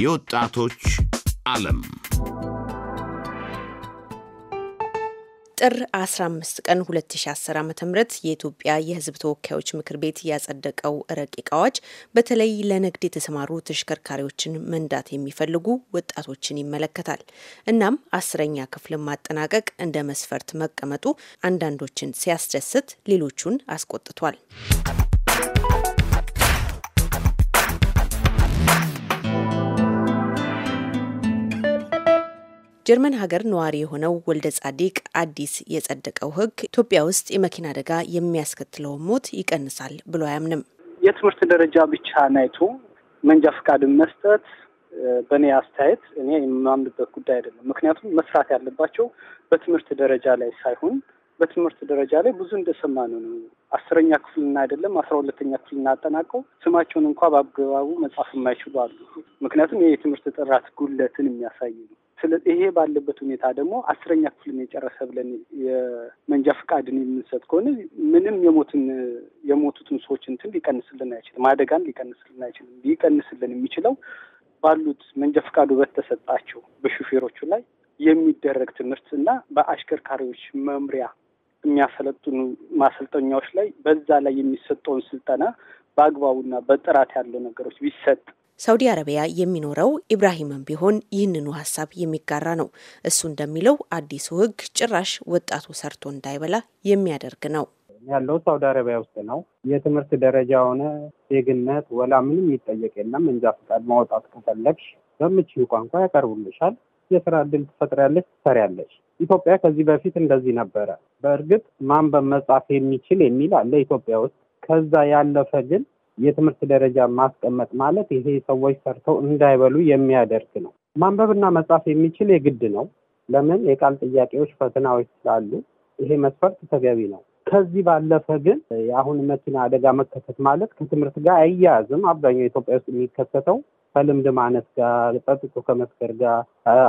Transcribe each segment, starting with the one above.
የወጣቶች ዓለም ጥር 15 ቀን 2010 ዓ ም የኢትዮጵያ የሕዝብ ተወካዮች ምክር ቤት ያጸደቀው ረቂቅ አዋጅ በተለይ ለንግድ የተሰማሩ ተሽከርካሪዎችን መንዳት የሚፈልጉ ወጣቶችን ይመለከታል። እናም አስረኛ ክፍልን ማጠናቀቅ እንደ መስፈርት መቀመጡ አንዳንዶችን ሲያስደስት፣ ሌሎቹን አስቆጥቷል። ጀርመን ሀገር ነዋሪ የሆነው ወልደ ጻዲቅ አዲስ የጸደቀው ሕግ ኢትዮጵያ ውስጥ የመኪና አደጋ የሚያስከትለውን ሞት ይቀንሳል ብሎ አያምንም። የትምህርት ደረጃ ብቻ ናይቶ መንጃ ፈቃድን መስጠት በእኔ አስተያየት እኔ የማምንበት ጉዳይ አይደለም። ምክንያቱም መስራት ያለባቸው በትምህርት ደረጃ ላይ ሳይሆን በትምህርት ደረጃ ላይ ብዙ እንደሰማ ነው ነው አስረኛ ክፍልና አይደለም አስራ ሁለተኛ ክፍልና አጠናቀው ስማቸውን እንኳ በአግባቡ መጻፍ የማይችሉ አሉ። ምክንያቱም ይህ የትምህርት ጥራት ጉለትን የሚያሳይ ነው። ይሄ ባለበት ሁኔታ ደግሞ አስረኛ ክፍልን የጨረሰ ብለን የመንጃ ፈቃድን የምንሰጥ ከሆነ ምንም የሞትን የሞቱትን ሰዎች እንትን ሊቀንስልን አይችልም። አደጋን ሊቀንስልን አይችልም። ሊቀንስልን የሚችለው ባሉት መንጃ ፈቃዱ በተሰጣቸው በሹፌሮቹ ላይ የሚደረግ ትምህርት እና በአሽከርካሪዎች መምሪያ የሚያሰለጥኑ ማሰልጠኛዎች ላይ በዛ ላይ የሚሰጠውን ስልጠና በአግባቡና በጥራት ያለው ነገሮች ቢሰጥ ሳውዲ አረቢያ የሚኖረው ኢብራሂምም ቢሆን ይህንኑ ሀሳብ የሚጋራ ነው። እሱ እንደሚለው አዲሱ ህግ ጭራሽ ወጣቱ ሰርቶ እንዳይበላ የሚያደርግ ነው። ያለው ሳውዲ አረቢያ ውስጥ ነው። የትምህርት ደረጃ ሆነ ዜግነት ወላ ምንም ይጠየቅ የለም። እንጃ ፍቃድ ማውጣት ከፈለግሽ በምችው ቋንቋ ያቀርቡልሻል። የስራ እድል ትፈጥሪያለሽ፣ ትሰሪያለሽ። ኢትዮጵያ ከዚህ በፊት እንደዚህ ነበረ። በእርግጥ ማንበብ መጻፍ የሚችል የሚል አለ ኢትዮጵያ ውስጥ። ከዛ ያለፈ ግን የትምህርት ደረጃ ማስቀመጥ ማለት ይሄ ሰዎች ሰርተው እንዳይበሉ የሚያደርግ ነው። ማንበብና መጻፍ የሚችል የግድ ነው። ለምን የቃል ጥያቄዎች፣ ፈተናዎች ስላሉ ይሄ መስፈርት ተገቢ ነው። ከዚህ ባለፈ ግን የአሁን መኪና አደጋ መከሰት ማለት ከትምህርት ጋር አያያዝም። አብዛኛው ኢትዮጵያ ውስጥ የሚከሰተው ከልምድ ማነት ጋር፣ ጠጥቶ ከመስከር ጋር፣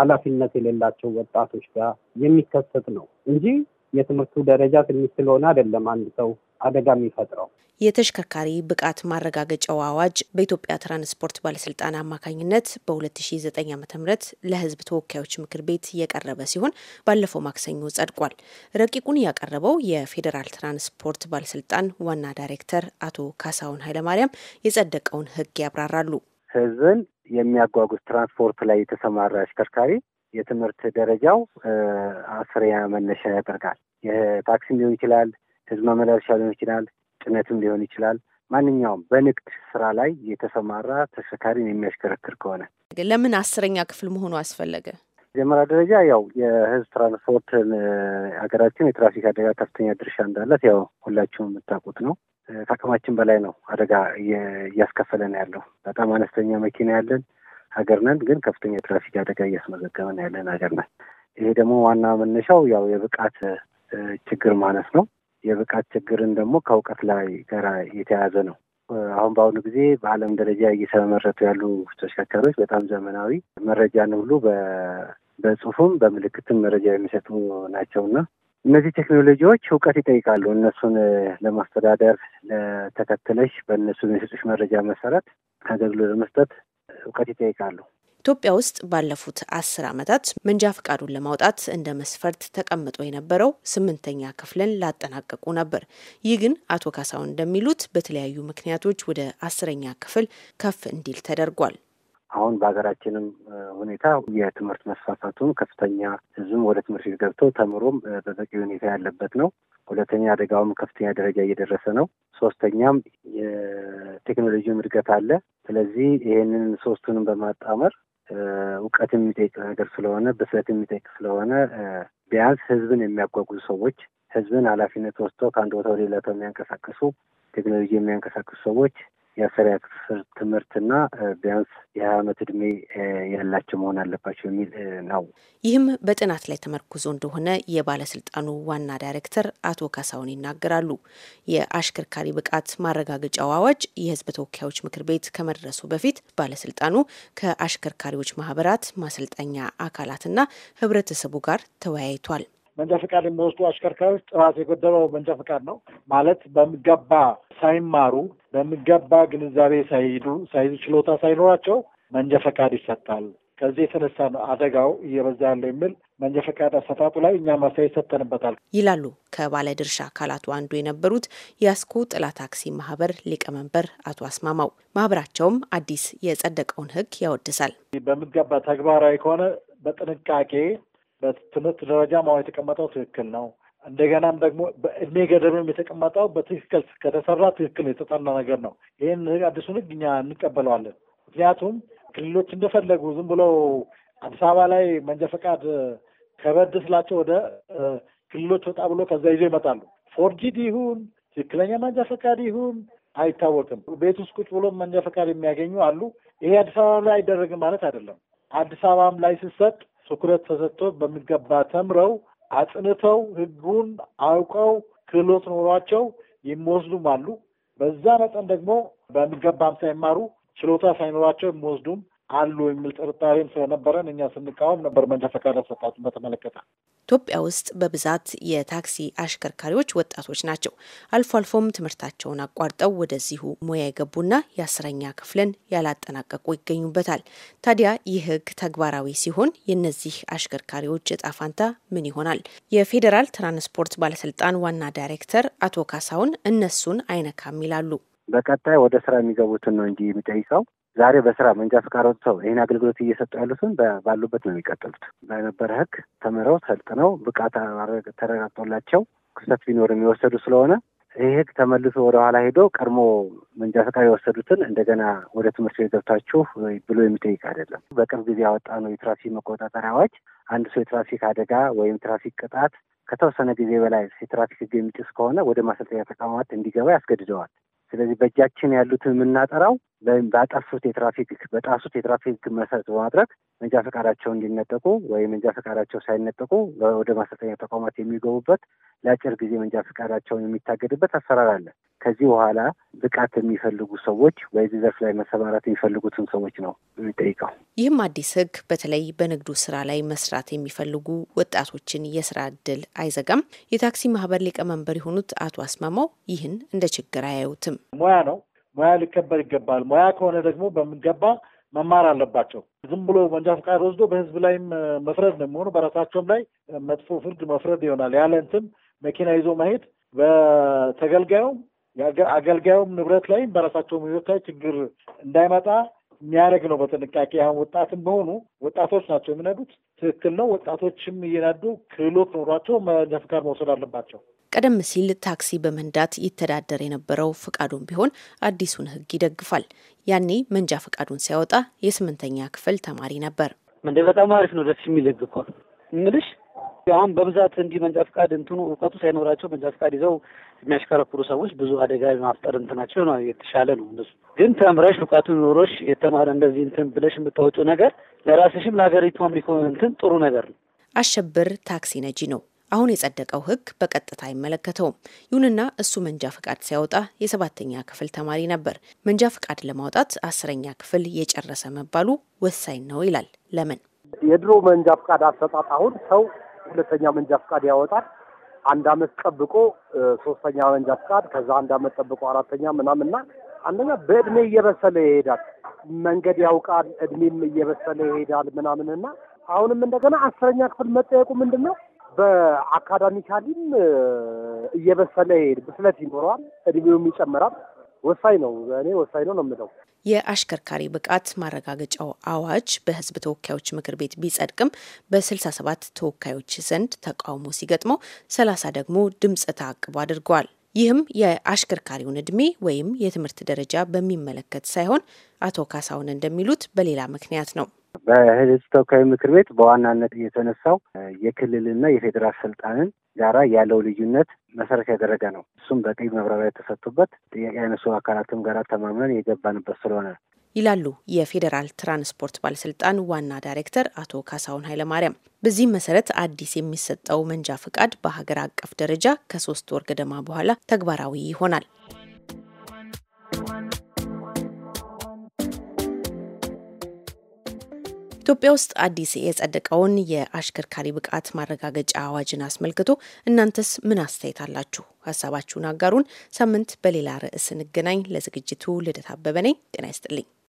ኃላፊነት የሌላቸው ወጣቶች ጋር የሚከሰት ነው እንጂ የትምህርቱ ደረጃ ትንሽ ስለሆነ አይደለም አንድ ሰው አደጋ የሚፈጥረው። የተሽከርካሪ ብቃት ማረጋገጫው አዋጅ በኢትዮጵያ ትራንስፖርት ባለስልጣን አማካኝነት በ2009 ዓ ም ለህዝብ ተወካዮች ምክር ቤት የቀረበ ሲሆን ባለፈው ማክሰኞ ጸድቋል። ረቂቁን ያቀረበው የፌዴራል ትራንስፖርት ባለስልጣን ዋና ዳይሬክተር አቶ ካሳሁን ኃይለማርያም የጸደቀውን ህግ ያብራራሉ። ህዝብን የሚያጓጉዝ ትራንስፖርት ላይ የተሰማራ አሽከርካሪ የትምህርት ደረጃው አስረኛ መነሻ ያደርጋል። ታክሲም ሊሆን ይችላል ህዝብ ማመላለሻ ሊሆን ይችላል፣ ጭነትም ሊሆን ይችላል። ማንኛውም በንግድ ስራ ላይ የተሰማራ ተሽከርካሪን የሚያሽከረክር ከሆነ ለምን አስረኛ ክፍል መሆኑ አስፈለገ? መጀመሪያ ደረጃ ያው የህዝብ ትራንስፖርት ሀገራችን የትራፊክ አደጋ ከፍተኛ ድርሻ እንዳላት ያው ሁላችሁም የምታውቁት ነው። ከአቅማችን በላይ ነው አደጋ እያስከፈለን ያለው። በጣም አነስተኛ መኪና ያለን ሀገር ነን፣ ግን ከፍተኛ የትራፊክ አደጋ እያስመዘገበን ያለን ሀገር ነን። ይሄ ደግሞ ዋና መነሻው ያው የብቃት ችግር ማነስ ነው። የብቃት ችግርን ደግሞ ከእውቀት ላይ ጋር የተያያዘ ነው። አሁን በአሁኑ ጊዜ በዓለም ደረጃ እየተመረቱ ያሉ ተሽከርካሪዎች በጣም ዘመናዊ መረጃን ሁሉ በጽሁፍም በምልክትም መረጃ የሚሰጡ ናቸውና እነዚህ ቴክኖሎጂዎች እውቀት ይጠይቃሉ። እነሱን ለማስተዳደር ለተከትለሽ በእነሱ የሚሰጡሽ መረጃ መሰረት አገልግሎት ለመስጠት እውቀት ይጠይቃሉ። ኢትዮጵያ ውስጥ ባለፉት አስር ዓመታት መንጃ ፈቃዱን ለማውጣት እንደ መስፈርት ተቀምጦ የነበረው ስምንተኛ ክፍልን ላጠናቀቁ ነበር። ይህ ግን አቶ ካሳውን እንደሚሉት በተለያዩ ምክንያቶች ወደ አስረኛ ክፍል ከፍ እንዲል ተደርጓል። አሁን በሀገራችንም ሁኔታ የትምህርት መስፋፋቱም ከፍተኛ ሕዝብም ወደ ትምህርት ቤት ገብቶ ተምሮም በበቂ ሁኔታ ያለበት ነው። ሁለተኛ አደጋውም ከፍተኛ ደረጃ እየደረሰ ነው። ሶስተኛም የቴክኖሎጂም እድገት አለ። ስለዚህ ይህንን ሶስቱንም በማጣመር እውቀት የሚጠይቅ ነገር ስለሆነ በስለት የሚጠይቅ ስለሆነ ቢያንስ ህዝብን የሚያጓጉዙ ሰዎች ህዝብን ኃላፊነት ወስደው ከአንድ ቦታ ወደ ሌላ የሚያንቀሳቅሱ ቴክኖሎጂ የሚያንቀሳቅሱ ሰዎች የአስረኛ ክፍል ትምህርትና ቢያንስ የሀያ ዓመት ያላቸው መሆን አለባቸው የሚል ነው። ይህም በጥናት ላይ ተመርኩዞ እንደሆነ የባለስልጣኑ ዋና ዳይሬክተር አቶ ካሳውን ይናገራሉ። የአሽከርካሪ ብቃት ማረጋገጫው አዋጅ የህዝብ ተወካዮች ምክር ቤት ከመድረሱ በፊት ባለስልጣኑ ከአሽከርካሪዎች ማህበራት ማሰልጠኛ አካላትና ህብረተሰቡ ጋር ተወያይቷል። መንጃ ፈቃድ የሚወስዱ አሽከርካሪዎች ጥራት የጎደለው መንጃ ፈቃድ ነው ማለት በሚገባ ሳይማሩ በሚገባ ግንዛቤ ሳይሄዱ ሳይዙ ችሎታ ሳይኖራቸው መንጃ ፈቃድ ይሰጣል። ከዚህ የተነሳ ነው አደጋው እየበዛ ያለው የሚል መንጃ ፈቃድ አሰጣጡ ላይ እኛ ማሳይ ይሰጠንበታል ይላሉ ከባለድርሻ አካላቱ አንዱ የነበሩት የአስኮ ጥላ ታክሲ ማህበር ሊቀመንበር አቶ አስማማው። ማህበራቸውም አዲስ የጸደቀውን ህግ ያወድሳል። በሚገባ ተግባራዊ ከሆነ በጥንቃቄ በትምህርት ደረጃ ማሆን የተቀመጠው ትክክል ነው። እንደገናም ደግሞ በእድሜ ገደብም የተቀመጠው በትክክል ከተሰራ ትክክል የተጠና ነገር ነው። ይህን አዲሱን ህግ እኛ እንቀበለዋለን። ምክንያቱም ክልሎች እንደፈለጉ ዝም ብሎ አዲስ አበባ ላይ መንጃ ፈቃድ ከበድ ስላቸው ወደ ክልሎች ወጣ ብሎ ከዛ ይዞ ይመጣሉ። ፎርጂድ ይሁን ትክክለኛ መንጃ ፈቃድ ይሁን አይታወቅም። ቤት ውስጥ ቁጭ ብሎ መንጃ ፈቃድ የሚያገኙ አሉ። ይሄ አዲስ አበባ ላይ አይደረግም ማለት አይደለም። አዲስ አበባም ላይ ስሰጥ ትኩረት ተሰጥቶ በሚገባ ተምረው አጥንተው ህጉን አውቀው ክህሎት ኖሯቸው የሚወስዱም አሉ። በዛ መጠን ደግሞ በሚገባም ሳይማሩ ችሎታ ሳይኖራቸው የሚወስዱም አሉ የሚል ጥርጣሬም ስለነበረን እኛ ስንቃወም ነበር። መንጃ ፈቃድ አሰጣጡን በተመለከተ ኢትዮጵያ ውስጥ በብዛት የታክሲ አሽከርካሪዎች ወጣቶች ናቸው። አልፎ አልፎም ትምህርታቸውን አቋርጠው ወደዚሁ ሙያ የገቡና የአስረኛ ክፍልን ያላጠናቀቁ ይገኙበታል። ታዲያ ይህ ሕግ ተግባራዊ ሲሆን የእነዚህ አሽከርካሪዎች እጣ ፋንታ ምን ይሆናል? የፌዴራል ትራንስፖርት ባለስልጣን ዋና ዳይሬክተር አቶ ካሳውን እነሱን አይነካም ይላሉ። በቀጣይ ወደ ስራ የሚገቡትን ነው እንጂ የሚጠይቀው ዛሬ በስራ መንጃ ፈቃድ ወጥተው ይህን አገልግሎት እየሰጡ ያሉትን ባሉበት ነው የሚቀጥሉት። በነበረ ህግ ተምረው ሰልጥነው ብቃት ተረጋግጦላቸው ክፍተት ቢኖር የሚወሰዱ ስለሆነ ይህ ህግ ተመልሶ ወደ ኋላ ሄዶ ቀድሞ መንጃ ፈቃድ የወሰዱትን እንደገና ወደ ትምህርት ቤት ገብታችሁ ብሎ የሚጠይቅ አይደለም። በቅርብ ጊዜ ያወጣ ነው የትራፊክ መቆጣጠሪያ አዋጅ አንድ ሰው የትራፊክ አደጋ ወይም ትራፊክ ቅጣት ከተወሰነ ጊዜ በላይ የትራፊክ ህግ የሚጥስ ከሆነ ወደ ማሰልጠኛ ተቋማት እንዲገባ ያስገድደዋል። ስለዚህ በእጃችን ያሉትን የምናጠራው ወይም ባጠፉት የትራፊክ በጣሱት የትራፊክ መሰረት በማድረግ መንጃ ፈቃዳቸው እንዲነጠቁ ወይም መንጃ ፈቃዳቸው ሳይነጠቁ ወደ ማሰልጠኛ ተቋማት የሚገቡበት ለአጭር ጊዜ መንጃ ፈቃዳቸውን የሚታገድበት አሰራር አለ። ከዚህ በኋላ ብቃት የሚፈልጉ ሰዎች በዚህ ዘርፍ ላይ መሰማራት የሚፈልጉትን ሰዎች ነው የሚጠይቀው። ይህም አዲስ ህግ በተለይ በንግዱ ስራ ላይ መስራት የሚፈልጉ ወጣቶችን የስራ እድል አይዘጋም። የታክሲ ማህበር ሊቀመንበር የሆኑት አቶ አስማማው ይህን እንደ ችግር አያዩትም። ሙያ ነው ሙያ ሊከበር ይገባል። ሙያ ከሆነ ደግሞ በምንገባ መማር አለባቸው። ዝም ብሎ መንጃ ፈቃድ ወስዶ በህዝብ ላይም መፍረድ ነው የሚሆኑ በራሳቸውም ላይ መጥፎ ፍርድ መፍረድ ይሆናል። ያለ እንትን መኪና ይዞ መሄድ በተገልጋዩም አገልጋዩም ንብረት ላይም በራሳቸው ህይወት ላይ ችግር እንዳይመጣ የሚያደርግ ነው። በጥንቃቄ አሁን ወጣትም በሆኑ ወጣቶች ናቸው የሚነዱት። ትክክል ነው። ወጣቶችም እየነዱ ክህሎት ኖሯቸው መንጃ ፈቃድ መውሰድ አለባቸው። ቀደም ሲል ታክሲ በመንዳት ይተዳደር የነበረው ፍቃዱን ቢሆን አዲሱን ህግ ይደግፋል። ያኔ መንጃ ፍቃዱን ሲያወጣ የስምንተኛ ክፍል ተማሪ ነበር። መንደ በጣም አሪፍ ነው። ደስ የሚል ህግ እኮ አሁን በብዛት እንዲህ መንጃ ፍቃድ እንትኑ እውቀቱ ሳይኖራቸው መንጃ ፍቃድ ይዘው የሚያሽከረክሩ ሰዎች ብዙ አደጋ ማፍጠር እንትናቸው ነው የተሻለ ነው። እነሱ ግን ተምረሽ እውቀቱ ኖሮሽ የተማረ እንደዚህ እንትን ብለሽ የምታወጪው ነገር ለራስሽም ለሀገሪቱ አምሪኮ እንትን ጥሩ ነገር ነው። አሸብር ታክሲ ነጂ ነው። አሁን የጸደቀው ህግ በቀጥታ አይመለከተውም። ይሁንና እሱ መንጃ ፍቃድ ሲያወጣ የሰባተኛ ክፍል ተማሪ ነበር። መንጃ ፍቃድ ለማውጣት አስረኛ ክፍል የጨረሰ መባሉ ወሳኝ ነው ይላል። ለምን የድሮ መንጃ ፍቃድ አሰጣጥ አሁን ሰው ሁለተኛ መንጃ ፍቃድ ያወጣል አንድ አመት ጠብቆ ሶስተኛ መንጃ ፍቃድ ከዛ አንድ አመት ጠብቆ አራተኛ ምናምንና አንደኛ በእድሜ እየበሰለ ይሄዳል። መንገድ ያውቃል፣ እድሜም እየበሰለ ይሄዳል ምናምንና አሁንም እንደገና አስረኛ ክፍል መጠየቁ ምንድን ነው በአካዳሚካሊም እየበሰለ ይሄድ ብስለት ይኖረዋል፣ እድሜውም ይጨምራል። ወሳኝ ነው። እኔ ወሳኝ ነው ነው የምለው። የአሽከርካሪ ብቃት ማረጋገጫው አዋጅ በህዝብ ተወካዮች ምክር ቤት ቢጸድቅም በ67 ተወካዮች ዘንድ ተቃውሞ ሲገጥመው 30 ደግሞ ድምፅ ተአቅቦ አድርጓል። ይህም የአሽከርካሪውን እድሜ ወይም የትምህርት ደረጃ በሚመለከት ሳይሆን አቶ ካሳውን እንደሚሉት በሌላ ምክንያት ነው። በህዝብ ተወካዮች ምክር ቤት በዋናነት የተነሳው የክልልና የፌዴራል ስልጣንን ጋራ ያለው ልዩነት መሰረት ያደረገ ነው። እሱም በቂ መብራሪያ የተሰጡበት ጥያቄ ያነሱ አካላትም ጋራ ተማምነን የገባንበት ስለሆነ ይላሉ የፌዴራል ትራንስፖርት ባለስልጣን ዋና ዳይሬክተር አቶ ካሳሁን ኃይለማርያም። በዚህም መሰረት አዲስ የሚሰጠው መንጃ ፈቃድ በሀገር አቀፍ ደረጃ ከሶስት ወር ገደማ በኋላ ተግባራዊ ይሆናል። ኢትዮጵያ ውስጥ አዲስ የጸደቀውን የአሽከርካሪ ብቃት ማረጋገጫ አዋጅን አስመልክቶ እናንተስ ምን አስተያየት አላችሁ? ሀሳባችሁን አጋሩን። ሳምንት በሌላ ርዕስ እንገናኝ። ለዝግጅቱ ልደት አበበ ነኝ። ጤና ይስጥልኝ።